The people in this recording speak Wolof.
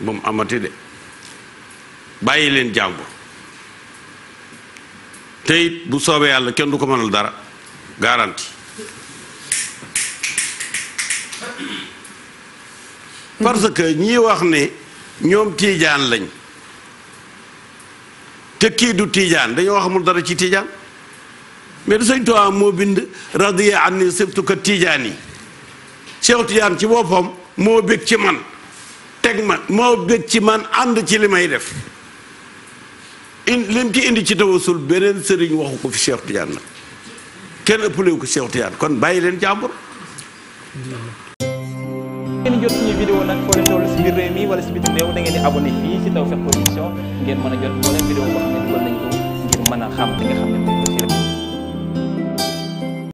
bu mu amati de bàyyi leen jàmbur te bu soobee yàlla kenn du ko mënal dara garanti parce que ñii wax ne ñoom tiijaan lañ te kii du tiijaan dañoo xamul dara ci tiijaan mais du sëñ Tuubaa moo bind radiya anni sibtuka tiijaan yi Cheikh Tiijaan ci boppam moo bég ci man teg ma moo bëgg ci man ànd ci li may def in lim ci indi ci tawasul beneen sëriñ waxu ko fi Cheikh Tidiane nag kenn ëppalewu ko Cheikh Tidiane kon bàyyi leen jàmbur ngeen jot suñu nag foo leen si biir réew mi wala si bitim réew da ngeen di abonné fii si Tawfekh Production ngeen mën a jot moo leen vidéo boo xam ne dugal mën a xam nga xam